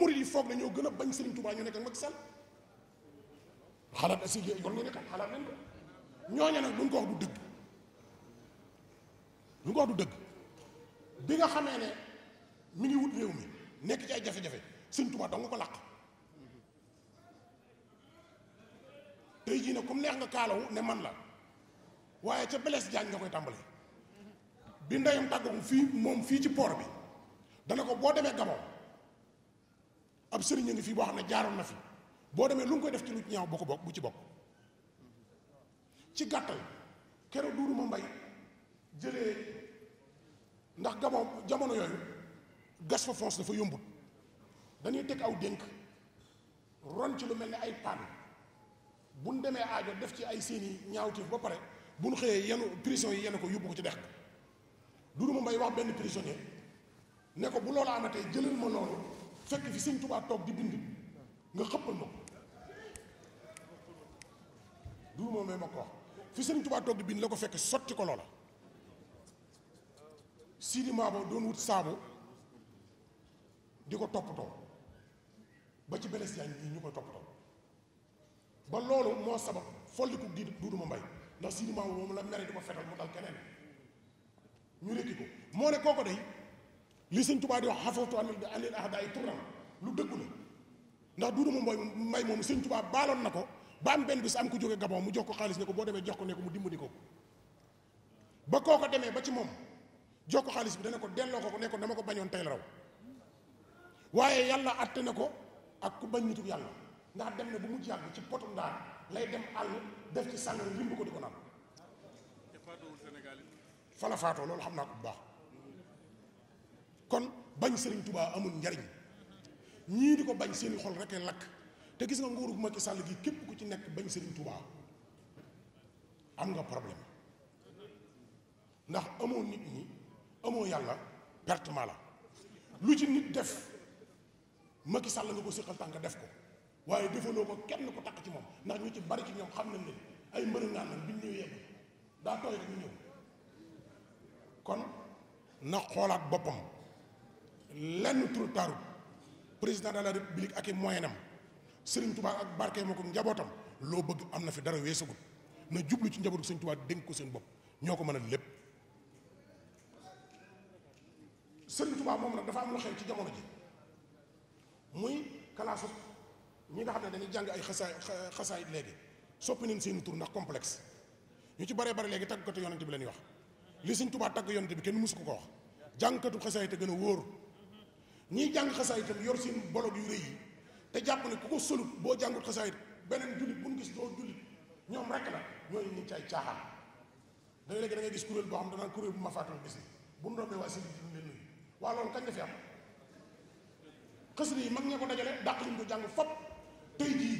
murid yi foog na ñoo gën a bañ Serigne Touba ñu nekk ak Macky Sall xalaat si yor ngeen xam xalaat leen ko ñooñu nag duñ ko ko wax du dëgg bi nga xamee ne mu ngi wut réew mi nekk ci ay jafe-jafe Serigne Touba dong ko làq tey jii ne comme neex nga kaalawu ne man la waaye ca Blaise Diagne nga koy tàmbalee bi ndeyam tàggaku fii moom fii ci port bi dana ko boo demee Gabon ab sëriñ a ngi fii boo xam ne jaaroon na fi boo demee lu nga koy def ci lu ñaaw boo ko bokk bu ci bokk ci gàttal keroog duuru mbay jëlee ndax gabon jamono yooyu gas fa fonce dafa yombut dañuy teg aw dénk ron ci lu mel ni ay paan bu nu demee aajo def ci ay seeni ñaawteef ba pare bu nu xëyee yenu prison yi yenu ko yóbbu ko ci dex duuru ma mbay wax benn prisonnier ne ko bu loolu amatee jëlal ma loolu fekk fi sëñ Tuubaa toog di bind nga xëppal ma ko du moom ma ko wax fi sëñ Tuubaa di bind la ko fekk sotti ko loola Sidi Maabo doon wut saabu di ko toppatoo ba ci beles yaa ngi ñu ko toppatoo ba loolu moo sabab folliku di duuduma mbay ndax Sidi Maabo moom la mere di ko fetal mu keneen ñu rekki ko moo ne kooko dey li sëñ Tuubaa di wax xafawtu anil ahdaa yi turam lu dëggu la ndax duudu ma mbooy mbay moom sëñ Tuubaa baaloon na ko ba am benn bis am ku jóge Gabon mu jox ko xaalis ne ko boo demee jox ko ne ko ko ba koo ko demee ba ci moom jox ko xaalis bi dana ko delloo ko ne ko dama ko bañoon tey la raw waaye yàlla àtte na ko ak ku bañ nitu yàlla ndax dem na bu mujj yàgg ci potu ndaa lay dem àll def ci sànni rimb ko di ko naan fala faatoo loolu xam naa ko bu baax kon bañ Serigne tubaa amul njariñ ñii di ko bañ seeni xol rek lakk te gis nga nguuru bu sàll Sall képp ku ci nekk bañ Serigne Touba am nga problème ndax amoo nit ñi amoo yàlla perte mala lu ci nit def Macky Sall nga ko séqal tànk def ko waaye defaloo ko kenn ko takk ci moom ndax ñu ci bari ci ñoom xam nañ ne ay mbërëngaan lañ duñ ñëw yegg daa tooy rek ñëw kon na xoolaat boppam lenn tur taaru président de la république ak i moyen am Serigne Touba ak barke moo ko njabootam loo bëgg am na fi dara weesagul na jublu ci njabootu Serigne Touba dénk ko seen bopp ñoo ko mën a lépp Serigne Touba moom nag dafa am lu xew ci jamono ji muy kalaasu ñi nga xam ne dañuy jàng ay xasaay xasaay léegi soppi nañ seen tur ndax complexe ñu ci bare bare léegi tàggkatu yonent bi la ñuy wax li Serigne Touba tàgg yonent bi kenn mësu ko ko wax jàngkatu xasaay te gën a wóor ñiy jàng xasaayit tam yor seen bolog yu rëy yi te jàpp ne ku ko solut boo jàngut xasaayit beneen jullit bu ñu gis doo jullit ñoom rek na ñooñu ñu ngi cay caaxaan da léegi da gis kuréel boo xam danaan kuréel bu ma faatoon gis ni bu ndoomee waa seen jullit leen nuyu waa loolu kañ la fi jàng fop tey jii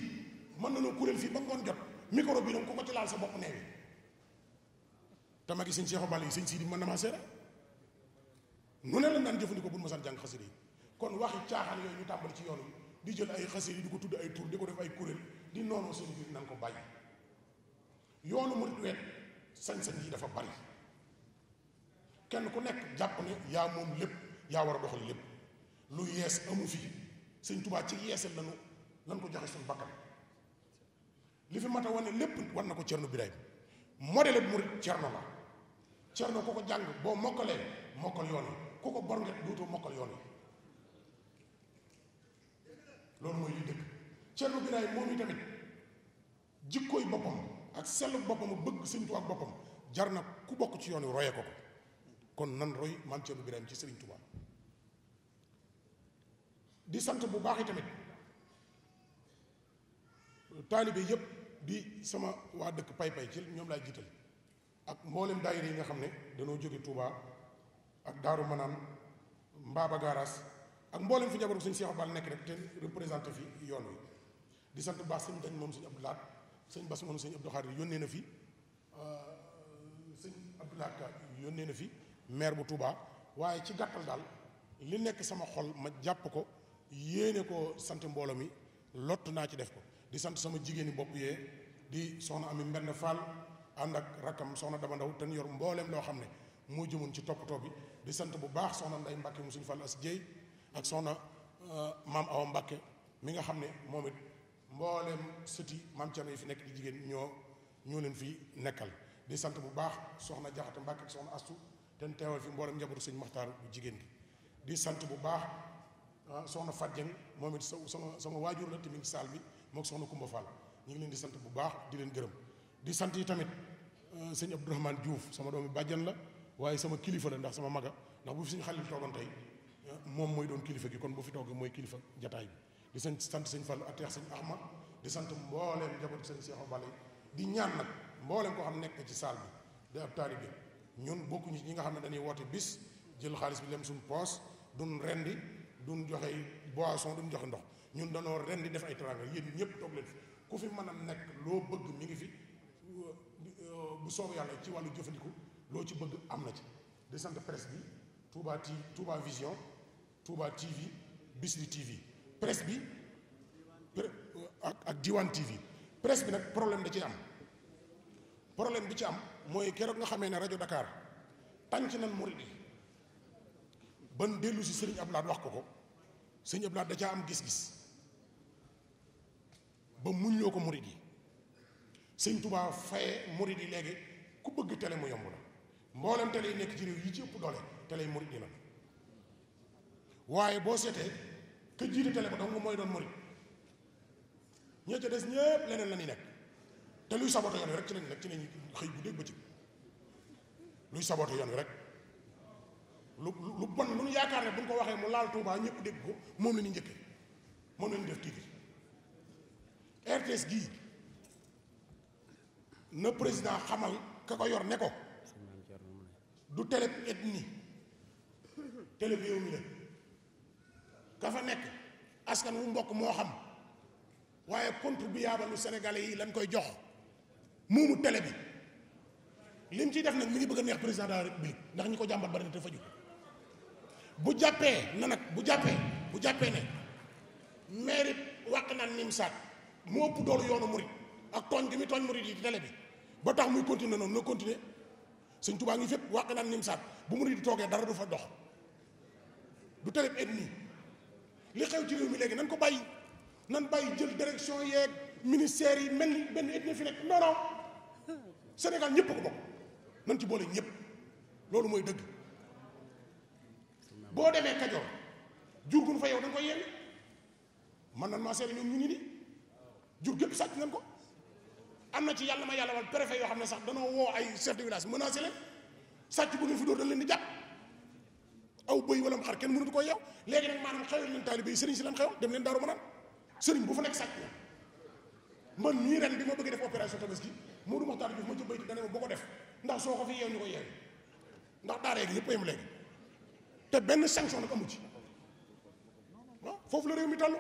mën na noo kuréel fii ba ngoon jot micro bi nag ku ko ci laal sa bopp neewi te magi sëñ Cheikh Obal yi sëñ Sidi mën na maa seere nu ne la daan jëfandikoo bu ma saan jàng xasida yi kon waxi caaxaan yooyu ñu tàmbali ci yoon yoonu di jël ay xase yi di ko tudd ay tur di ko def ay kuréel di noonu seen biir nan ko bàyyi yoonu murid wet sañ-sañ yi dafa bari kenn ku nekk jàpp ne yaa moom lépp yaa war a doxal lépp lu yees amu fi sëñ Tuubaa ci yeesal lanu lan ko joxe suñu bakkan li fi mat a wane lépp war na ko Cerno Birahim modèle murid na la na ku ko jàng boo mokkalee mokkal yoon yi ku ko bor nga mokkal yoon loolu mooy li dëgg Thierno Birahim moom tamit jikkooy boppam ak sellu boppam bëgg Sëriñ ak boppam jar na ku bokk ci yoon wi royee ko ko kon nan roy maam Thierno Birahim ci Sëriñ Tuubaa di sant bu baax tamit taalibe yëpp di sama waa dëkk pay-pay ci ñoom laay jiital ak mboolem daayira yi nga xam ne danoo jóge Touba ak Daaru Manaan Mbaaba ak mboolem fu njabootu suñ Cheikh Fall nekk rek te représenté fi yoon wi di sant baax sëñ dañ moom sëñ Abdou Lahad sëñ Bass moom sëñ Abdou Khadir yónnee na fi euh, sëñ Abdou Lahad yónnee na fi maire bu Touba waaye ci gàttal daal li nekk sama xol ma jàpp ko yéene ko sant mbooloo mi lott naa ci def ko di sant sama jigéeni bopp yee di soxna Ami Mbenn Fall ànd ak rakkam soxna Daba Ndaw te ñu yor mbooleem loo xam ne moo jëmoon ci toppatoo bi di sant bu baax soxna Nday Mbàkke mu suñu Fall as Jéey ak soxna euh, maam Awa Mbàkke mi nga xam ne moom it mbooleem sëti maam Cerno yi fi nekk di jigéen ñoo ñoo leen fi nekkal di sant bu baax soxna Jaxate Mbàkke ak soxna Astu te teewal fi mbooleem njabootu sëñ Maxtaar jigéen gi di sant bu baax euh, soxna Fat moom it sama sama waajur la te mi ngi saal bi mook soxna Kumba Fall ñu ngi leen di sant bu baax di leen gërëm di sant yi tamit euh, sëñ Abdourahmane Diouf sama doomi bàjjan la waaye sama kilifa la ndax sama maga ndax bu fi suñu xalil toogoon tey moom mooy doon kilifa gi kon bu fi toog mooy kilifa jataay bi di sant sant sëñ Fallou Ateex sëñ Ahmad di sant mbooleem njaboot sëñ Cheikh Obale di ñaan nag mbooleem koo xam nekk ci saal bi di ab taalibe ñun bokkuñu ci ñi nga xam ne dañuy woote bis jël xaalis bi lem suñu poos duñ rendi duñ joxe boisson duñ joxe ndox ñun danoo rendi def ay teranga yéen ñëpp toog leen fi ku fi mën a nekk loo bëgg mi ngi fi bu soob yàlla ci wàllu jëfandiku loo ci bëgg am na ci di sant presse bi Touba ti Touba Vision Touba TV Bichri TV presse bi ak ak Diwane TV bi nag problème da ci am problème bi ci am mooy keroog nga xame ne rajo Dakar tànc nañ murid yi ban dellu sëriñ Abdoulaye wax ko ko sëriñ Abdoulaye da caa am gis-gis ba muñ loo ko murid yi sëñ Touba faye murid yi léegi ku bëgg télé mu yomb la mboolem télé yi nekk ci réew yi ci ëpp doole télé yi murid yi la waaye boo seetee ka jiite télé ba dong mooy doon murit ñoo ca des ñëpp leneen la ñuy nekk te luy saboté yoon wi rek ci lañ nekk ci lañ xëy bu dégg bëccëg luy saboté yoon wi rek lu lu bon lu ñu yaakaar ne bu ñu ko waxee mu laal Touba ñëpp dégg ko moom la ñu njëkkee moom la ñu def titre RTS gii na président xamal ka ko yor ne ko du télé ethnie télé bi yow mi la kafa nekk askan wu mbokk moo xam waaye contribuable lu sénégalais yi lañ koy jox muumu télé bi lim ciy def nag mi ngi bëgg a neex président de la république ndax ñi ko jàmbat bari na te faju bu jàppee na nag bu jàppee bu jàppee ne mairie wàq naan nim saat moo ëpp doolu yoonu murit ak tooñ gi mi tooñ murit yi ci bi ba tax muy continuer noonu na continuer sëñ Tuubaa ngi fépp wàq naan nim saat bu murit di toogee dara du fa dox du télé bi li xew ci réew léegi nan ko bàyyi nan bàyyi jël direction yeeg ministères yi mel ni benn ethnie fi nekk non Sénégal ñëpp ko bokk nan ci boole ñëpp loolu mooy dëgg boo demee Kajoor jur gu fa yow da nga koy yeewi man nan maa seere ñoom ñu ngi nii jur gépp sàcc nañ ko am na ci yàlla ma yàlla wal préfet yoo xam ne sax danoo woo ay chef de village menacé leen sàcc bu ngeen fi dóor dañ leen di jàpp aw bëy wala xar kenn mënatu ko yeew léegi nag maanaam xewal leen taalibe yi sëriñ si lan xewal dem leen daaru ma naan sëriñ bu fa nekk sàcc man ñii ren di ma bëgg def opération tabaski Modou Mokhtar Diouf ma ca béykat dana ma boo ko def ndax soo ko fi yeew ko yeew ndax daaree gi yëpp yem léegi te benn sanction nag amu ci waaw foofu la réew mi toll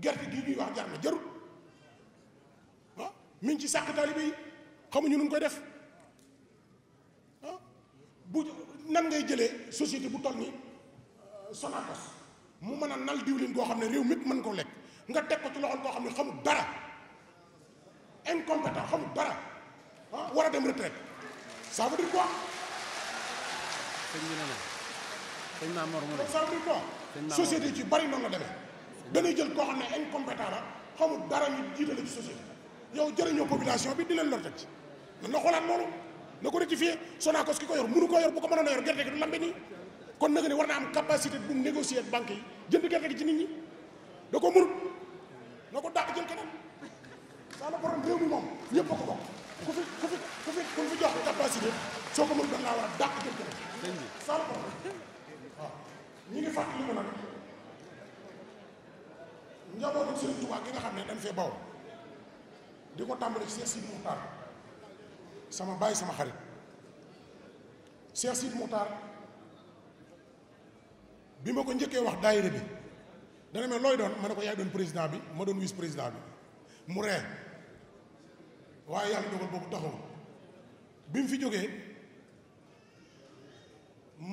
gerte gi ñuy wax jar na jarul waaw mi ci sàq taalibe yi xamuñu nu koy def. nan ngay jëlee société bu toll nii euh, Sonacos mu mën a nal diwlin koo xam ne réew mépp mën koo lekk nga teg ko ci loxol koo xam ne xamul dara incompétent xamul dara ah war a dem retraite ça veut dire quoi. sëñ bi ne la sëñ Maamor mu ne ça société ci bari noonu la demee dañuy jël koo xam ne incompétent la xamul dara ñu jiitale ci société yow jëriñoo population bi di leen lor teg ci nan la xoolaat na ko rectifier Sonacos ki ko yor mënu ko yor bu ko mënoon a yor gerte gi du lambe nii kon nag ne war na am capacité bu négocier banque yi jënd gerte gi ci nit ñi da ko mënut na ko dàq jël keneen saa la borom réew moom ñëpp a ko bokk ku fi ku fi ku fi ku fi jox capacité soo war a dàq jël keneen saa la borom waaw ñu ngi fàttali ko nag njabootu Serigne Touba gi nga xam ne dañ fee baw di ko tàmbali ci Serigne Mourtada sama bàyyi sama xarit Cheikh Sidi Moutar bi ma ko njëkkee wax daayira bi dana mel looy doon ma ne ko yaay doon président bi ma doon vice président bi mu ree waaye yàlla dogal boobu taxaw bi mu fi jógee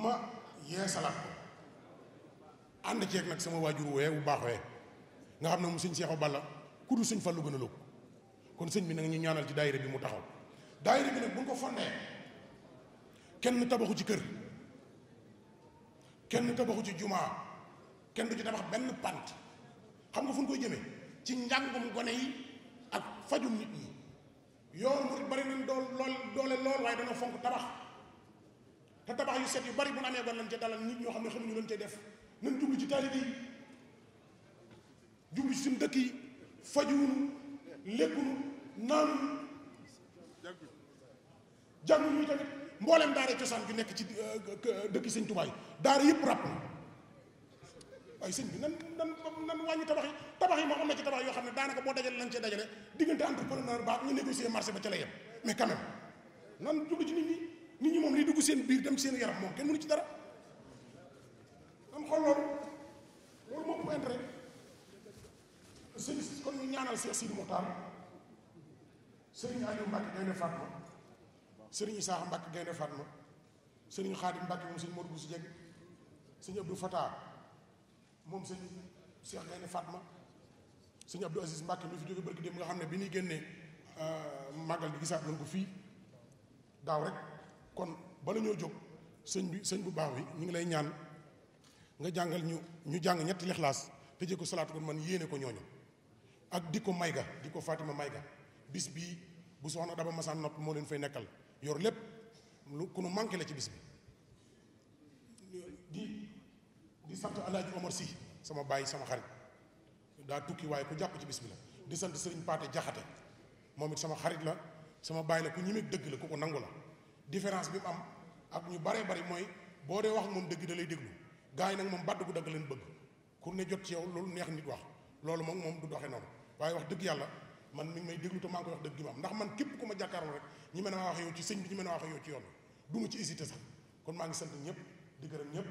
ma yee salaat ko ànd ceeg nag sama waajur wee wu baax wee nga xam ne moom sëñ Seexu Balla ku dul sëñ Fallu gën a kon sëñ bi na nga ñu ñaanal ci daayira bi mu taxaw daayira bi nag bu ñu ko fondee kenn tabaxu ci kër kenn tabaxu ci jumaa kenn du ci tabax benn pant xam nga fu ñu koy jëmee ci njàngum gone yi ak fajum nit ñi yoonu murit bari nañ dool lool doole lool waaye dana fonk tabax te tabax yu set yu bari bu ñu amee gone lañ ca dalal nit ñoo xam ne xamuñu lañ cay def nañ jublu ci taalibe yi jublu ci suñu dëkk yi fajuwunu lekkunu naanunu jànguñu tamit mbooleem daara cosaan gi nekk ci euh, dëkk sëñ Tuubaa yi daara yëpp ràpp na waaye sëñ bi nan nan nan wàññi tabax yi tabax yi moo am na ci tabax yoo xam ne daanaka boo dajale lañ cee dajale diggante entrepreneur baax ñu négocier marché ba ca la yem mais quand même nan ci nit ñi nit ñi moom liy dugg seen biir dem seen yaram moom kenn mënu ci dara am xool loolu loolu moo ëpp intérêt sëñ kon ñu ñaanal Cheikh Sidi Moutar sëriñ Aliou Mbacke day ne Fatma sëriñ Isaaxa Mbàkke Gaynde Fatma sëriñ Xaadim Mbàkke moom sëñ Modou Bousso Dieng sëñ Abdou Fata moom sëñ Cheikh Gaynde Fatma sëñ Abdou Aziz Mbàkke mi fi jóge nga xam ne bi ñuy génnee euh, màggal bi gisaat nañ ko fii daaw rek kon bala ñoo jóg sëñ bi sëñ bu baax bi ñu ngi lay ñaan nga jàngal ñu ñu jàng ñetti lixlaas tëjee ko salaatu ko man yéene ko ñooñu ak di ko mayga di ko Fatima mayga bis bii bu soxna Daba Masaan nopp moo leen fay nekkal yor lépp lu ku nu manqué la ci bis bi di di sant alaaji Omar Sy sama bàyyi sama xarit daa tukki waaye ku jàpp ci bis bi la di sant sëriñ Paate Jaxate moom it sama xarit la sama bàyyi la ku ñimee dëgg la ku ko nangu la différence bi mu am ak ñu baree bari mooy boo dee wax moom dëgg da lay déglu gars yi nag moom bàdd gu dagg leen bëgg ku ne jot ci yow loolu neex nit wax loolu moom moom du doxee noonu waaye wax dëgg yàlla man mi ngi may déglu te maa ngi koy man képp ku ma rek ñi mën a wax yow ci sëñ bi a wax ci yoon du ma ci hésité sax kon maa ñëpp di gërëm ñëpp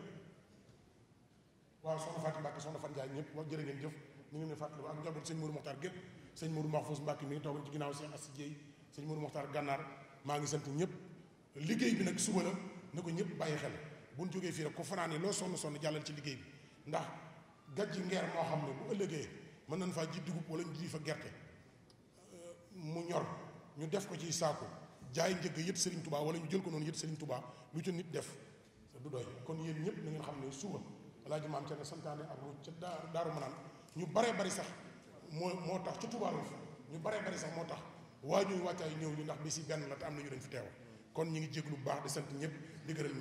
waaw soxna Fatou Mbacke soxna ñëpp wax jërë ngeen jëf ñu ngi leen fàttali ak njaboot sëñ Mourou Mokhtar gépp sëñ Mourou Mahfouz Mbacke mi ngi toogal ci ginnaaw sëñ Assi Dieye maa ngi sant ñëpp liggéey bi nag suba la na ko ñëpp bàyyi xel bu ñu jógee fii rek ko fanaane loo sonn sonn jàllal ci liggéey bi ndax gàjji ngeer moo xam ne bu ëllëgee mën nañ faa ji dugub wala ñu fa gerte mu ñor ñu def ko ci saako jaay njëgg yëpp Serigne tubaa wala ñu jël ko noonu yët Serigne Touba lu ca nit def du doy kon yéen ñëpp na xam ne suba laa ji maam ca ne santaane ak ruuj ca daaru daaru manaan ñu baree bari sax moo moo tax ca Touba ñu baree bari sax moo tax waa ñuy wàccaay ñëw ñu ndax bi si benn la te am na ñu dañ fi teew kon ñu ngi jéglu lu baax di sant ñëpp di gërëm